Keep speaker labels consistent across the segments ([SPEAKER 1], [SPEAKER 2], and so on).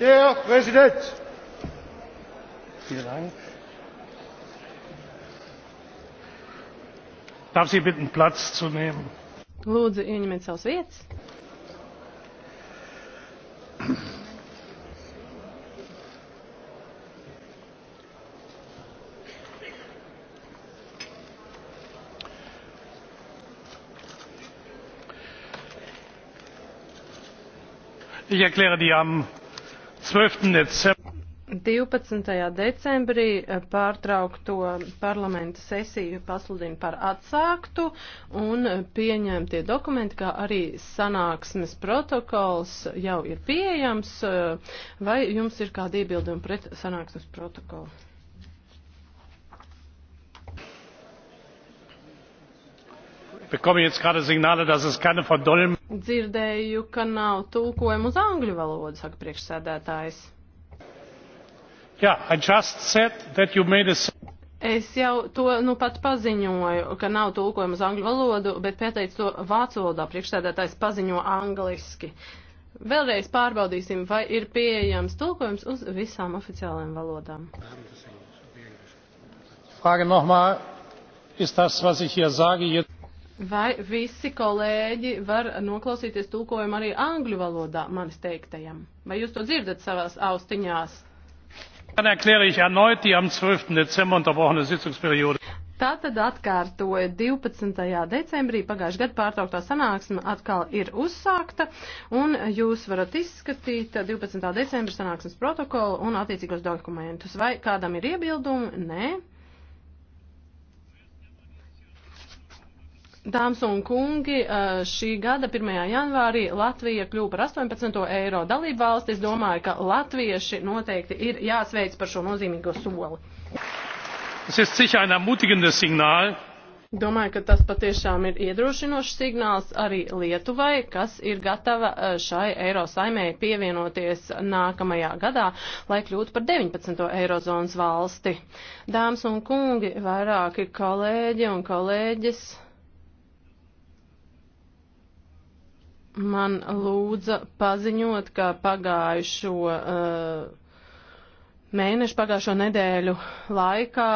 [SPEAKER 1] Der Präsident! Vielen Dank. Darf Sie bitten, Platz
[SPEAKER 2] zu nehmen? Lūdzu, ieņemiet savas vietas. Ich
[SPEAKER 1] erkläre die am. 12.
[SPEAKER 2] decembrī pārtraukto parlamenta sesiju pasludina par atsāktu un pieņemtie dokumenti, kā arī sanāksmes protokols jau ir pieejams. Vai jums ir kādi iebildumi pret sanāksmes protokolu?
[SPEAKER 1] bekomme jetzt gerade Signale, dass es keine Verdolm.
[SPEAKER 2] Dzirdēju, ka nav tulkojumu uz angļu valodu, saka priekšsēdētājs.
[SPEAKER 1] Jā, yeah, I just said that you made a...
[SPEAKER 2] Es jau to nu pat paziņoju, ka nav tulkojumu uz angļu valodu, bet pieteicu to vācu valodā. Priekšsēdētājs paziņo angliski. Vēlreiz pārbaudīsim, vai ir pieejams tulkojums uz visām oficiālajām valodām.
[SPEAKER 1] Frage nochmal, ist das, was ich hier sage, jetzt...
[SPEAKER 2] Vai visi kolēģi var noklausīties tulkojumu arī angļu valodā manis teiktajam? Vai jūs to dzirdat savās austiņās?
[SPEAKER 1] Dann erkläre ich erneut die am 12. Dezember unterbrochene Sitzungsperiode.
[SPEAKER 2] Tātad atkārtoja 12. decembrī pagājušajā gadā pārtrauktā sanāksme atkal ir uzsākta, un jūs varat izskatīt 12. decembra sanāksmes protokolu un attiecīgos dokumentus. Vai kādam ir iebildumi? Nē. Dāmas un kungi, šī gada 1. janvārī Latvija kļūpa par 18. eiro dalību valsti. Es domāju, ka latvieši noteikti ir jāsveic par šo nozīmīgo soli. Domāju, ka tas patiešām ir iedrošinošs signāls arī Lietuvai, kas ir gatava šai eiro saimē pievienoties nākamajā gadā, lai kļūtu par 19. eirozonas valsti. Dāmas un kungi, vairāki kolēģi un kolēģis man lūdza paziņot, ka pagājušo uh, mēnešu, pagājušo nedēļu laikā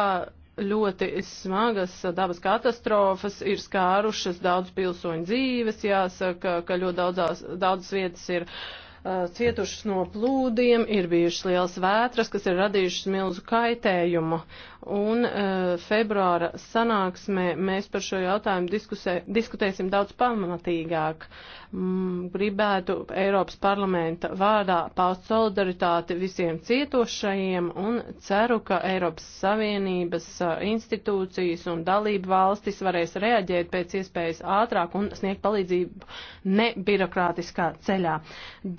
[SPEAKER 2] ļoti smagas dabas katastrofas ir skārušas daudz pilsoņu dzīves, jāsaka, ka ļoti daudzās, daudzas vietas ir uh, cietušas no plūdiem, ir bijušas lielas vētras, kas ir radījušas milzu kaitējumu, un uh, februāra sanāksmē mēs par šo jautājumu diskusē, diskutēsim daudz pamatīgāk. Mm, gribētu Eiropas parlamenta vārdā paust solidaritāti visiem cietošajiem un ceru, ka Eiropas Savienības uh, institūcijas un dalību valstis varēs reaģēt pēc iespējas ātrāk un sniegt palīdzību nebirokrātiskā ceļā.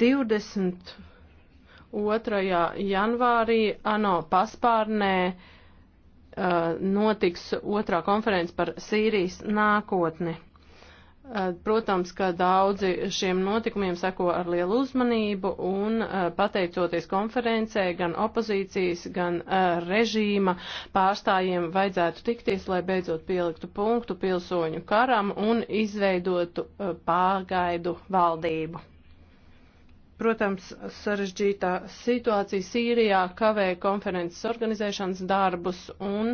[SPEAKER 2] 20. 2. janvārī ANO paspārnē Uh, notiks otrā konference par Sīrijas nākotni. Uh, protams, ka daudzi šiem notikumiem seko ar lielu uzmanību un uh, pateicoties konferencē gan opozīcijas, gan režīma pārstājiem vajadzētu tikties, lai beidzot pieliktu punktu pilsoņu karam un izveidotu pārgaidu valdību. Protams, sarežģītā situācija Sīrijā kavē konferences organizēšanas darbus un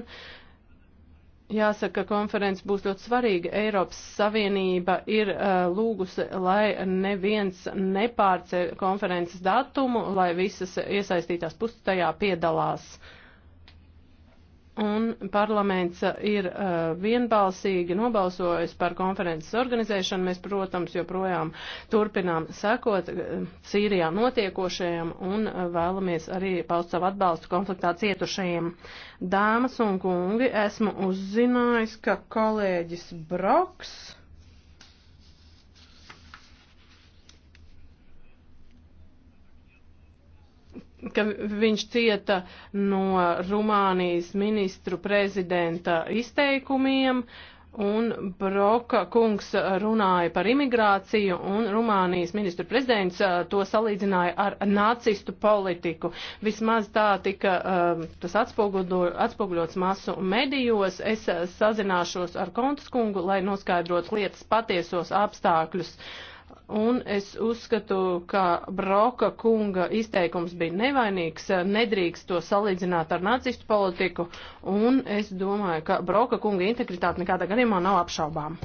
[SPEAKER 2] Jāsaka, konference būs ļoti svarīga. Eiropas Savienība ir uh, lūgusi, lai neviens nepārceļ konferences datumu, lai visas iesaistītās puses tajā piedalās. Uh, un parlaments uh, ir uh, vienbalsīgi nobalsojis par konferences organizēšanu. Mēs, protams, joprojām turpinām sekot uh, Sīrijā notiekošajam un uh, vēlamies arī paust savu atbalstu konfliktā cietušajiem. Dāmas un kungi, esmu uzzinājis, ka kolēģis Broks ka viņš cieta no Rumānijas ministru prezidenta izteikumiem, un Broka kungs runāja par imigrāciju, un Rumānijas ministru prezidents uh, to salīdzināja ar nacistu politiku. Vismaz tā tika um, tas atspoguļots masu medijos. Es uh, sazināšos ar kontas kungu, lai noskaidrotu lietas patiesos apstākļus. Uh, Un es uzskatu, ka Broka kunga izteikums bija nevainīgs, nedrīkst to salīdzināt ar nacistu politiku, un es domāju, ka Broka kunga integritāte nekādā gadījumā nav apšaubām.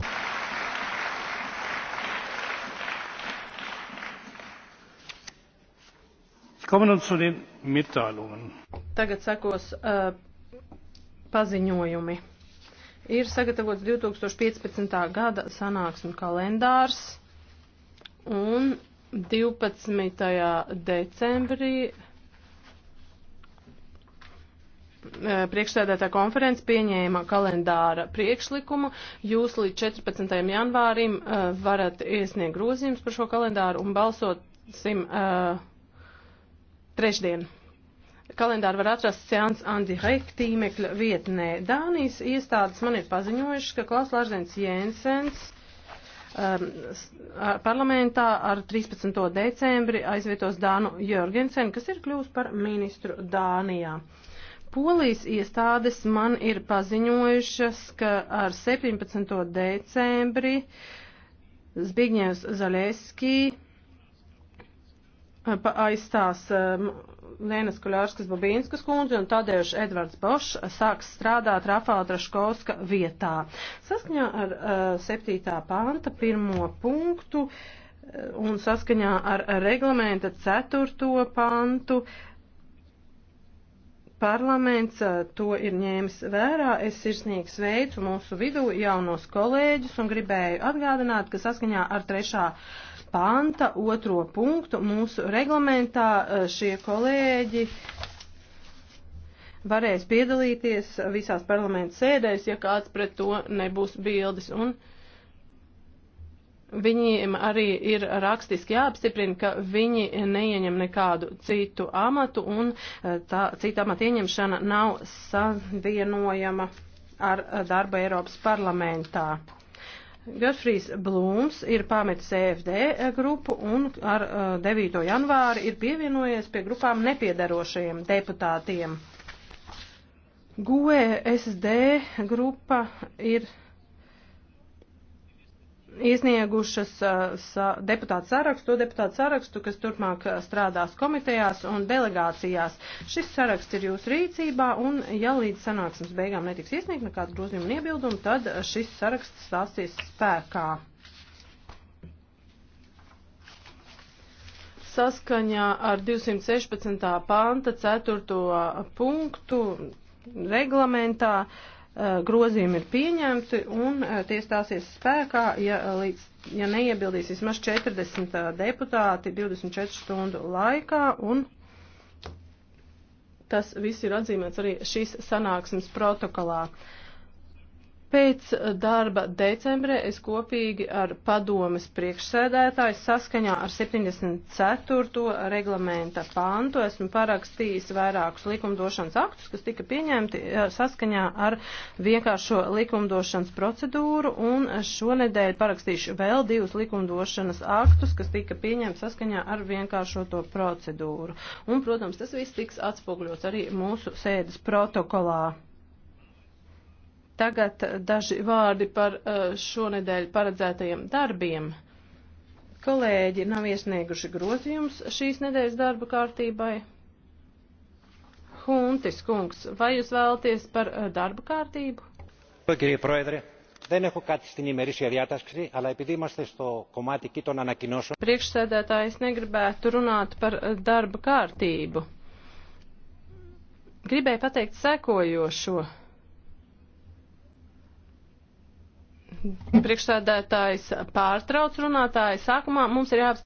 [SPEAKER 2] Tagad sekos uh, paziņojumi. Ir sagatavots 2015. gada sanāksmu kalendārs. Un 12. decembrī eh, priekšsēdētā konferences pieņēma kalendāra priekšlikumu. Jūs līdz 14. janvārim eh, varat iesniegt grozījumus par šo kalendāru un balsosim uh, trešdien. Kalendāru var atrast Seans Andirek tīmekļa vietnē. Dānijas iestādes man ir paziņojušas, ka Klaus Lārzens Jensens um, parlamentā ar 13. decembri aizvietos Dānu Jorgensen, kas ir kļūst par ministru Dānijā. Polijas iestādes man ir paziņojušas, ka ar 17. decembri Zbigņevs Zaļēskijs aizstās Lēnas Kuļārskas Babīnskas kundze un tādēļ Edvards Bošs sāks strādāt Rafāla Draškovska vietā. Saskaņā ar 7. pānta pirmo punktu un saskaņā ar reglamenta 4. pantu parlaments to ir ņēmis vērā. Es sirsnīgi sveicu mūsu vidū jaunos kolēģus un gribēju atgādināt, ka saskaņā ar 3 panta otro punktu mūsu reglamentā e, šie kolēģi varēs piedalīties visās parlamentu sēdēs, ja kāds pret to nebūs bildes. Un viņiem arī ir rakstiski jāapstiprina, ka viņi neieņem nekādu citu amatu un e, tā cita amata ieņemšana nav savienojama ar darbu Eiropas parlamentā. Gerfrīs Blūms ir pametis EFD eh, grupu un ar 9. Eh, janvāri ir pievienojies pie grupām nepiedarošajiem deputātiem. GUE SD grupa ir iesniegušas uh, deputātu sarakstu, to deputātu sarakstu, kas turpmāk uh, strādās komitejās un delegācijās. Šis saraksts ir jūsu rīcībā, un ja līdz sanāksmes beigām netiks iesniegt nekādu grozījumu un iebildumu, tad uh, šis saraksts stāsies spēkā. Saskaņā ar 216. panta 4. punktu reglamentā Eh, grozījumi ir pieņemti un eh, tie stāsies spēkā, ja, eh, līdz, ja neiebildīs vismaz 40 deputāti 24 stundu laikā un tas viss ir atzīmēts arī šīs sanāksmes protokolā. Pēc darba decembrē es kopīgi ar padomes priekšsēdētāju saskaņā ar 74. reglamenta pāntu esmu parakstījis vairākus likumdošanas aktus, kas tika pieņemti eh, saskaņā ar vienkāršo likumdošanas procedūru, un šonedēļ parakstīšu vēl divus likumdošanas aktus, kas tika pieņemti saskaņā ar vienkāršoto procedūru. Un, protams, tas viss tiks atspoguļots arī mūsu sēdes protokolā. Tagad daži vārdi par uh, šonedēļ paredzētajiem darbiem. Kolēģi nav iesnieguši grozījums šīs nedēļas darba kārtībai. Huntis kungs, vai jūs vēlaties par uh, darba kārtību?
[SPEAKER 1] Κύριε Πρόεδρε, δεν έχω κάτι στην ημερήσια διάταξη, αλλά επειδή είμαστε στο κομμάτι εκεί των ανακοινώσεων...
[SPEAKER 2] Priekšsēdētājs negribētu runāt par uh, darba kārtību. Gribēju pateikt sekojošo. Priekšsēdētājs pārtrauc runātāju. Sākumā mums ir jāapstāsta.